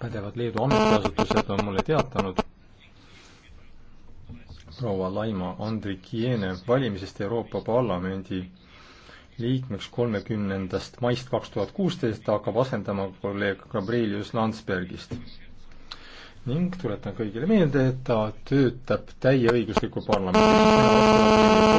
pädevad Leedu ametiasutused on mulle teatanud proua Laima Andrikiene valimisest Euroopa Parlamendi liikmeks kolmekümnendast maist kaks tuhat kuusteist, ta hakkab asendama kolleeg Gabrielius Landsbergist. ning tuletan kõigile meelde, et ta töötab täieõigusliku parlamendi